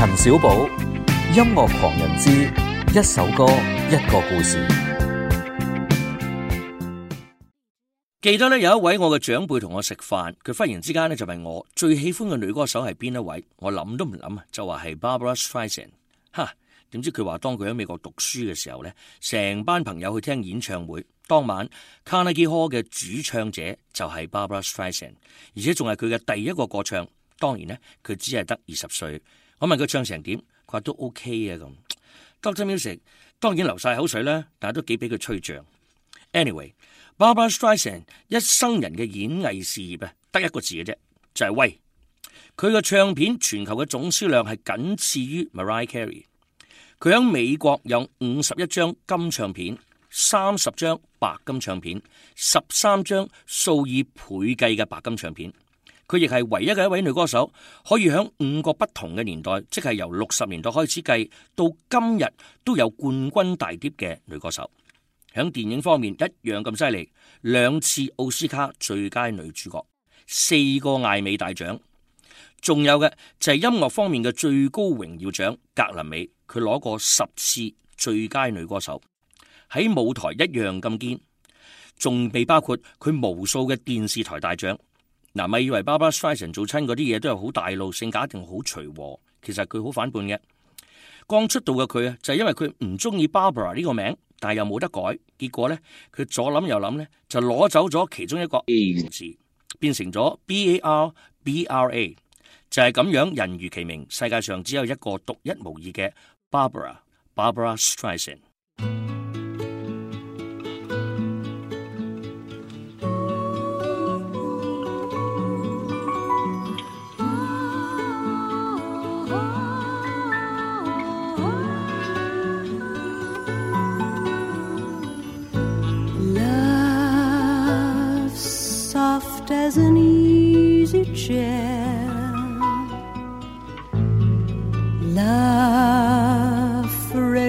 陳少寶音樂狂人之一首歌一個故事，記得咧，有一位我嘅長輩同我食飯，佢忽然之間咧就問我最喜歡嘅女歌手係邊一位？我諗都唔諗啊，就話係 Barbra Streisand。吓，點知佢話當佢喺美國讀書嘅時候咧，成班朋友去聽演唱會，當晚卡內基科嘅主唱者就係 Barbra Streisand，而且仲係佢嘅第一個歌唱。當然咧，佢只係得二十歲。我問佢唱成點，佢話都 OK 啊咁。Doctor Music 當然流晒口水啦，但係都幾俾佢吹脹。Anyway，Barbra Streisand 一生人嘅演藝事業啊，得一個字嘅啫，就係、是、威。佢個唱片全球嘅總銷量係僅次於 Mariah Carey。佢喺美國有五十一張金唱片，三十張白金唱片，十三張數以倍計嘅白金唱片。佢亦係唯一嘅一位女歌手，可以喺五個不同嘅年代，即係由六十年代開始計到今日都有冠軍大碟嘅女歌手。喺電影方面一樣咁犀利，兩次奧斯卡最佳女主角，四個艾美大獎，仲有嘅就係、是、音樂方面嘅最高榮耀獎格林美，佢攞過十次最佳女歌手。喺舞台一樣咁堅，仲未包括佢無數嘅電視台大獎。嗱，咪以為 Barbara Streisand 做親嗰啲嘢都係好大路，性格一定好隨和，其實佢好反叛嘅。剛出道嘅佢啊，就係因為佢唔中意 Barbara 呢個名，但係又冇得改，結果咧佢左諗右諗咧，就攞走咗其中一個 A 字，變成咗 B A R B R A，就係咁樣人如其名，世界上只有一個獨一無二嘅 Barbara Barbara Streisand。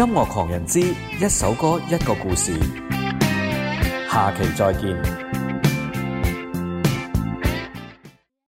音樂狂人之一首歌一個故事，下期再見。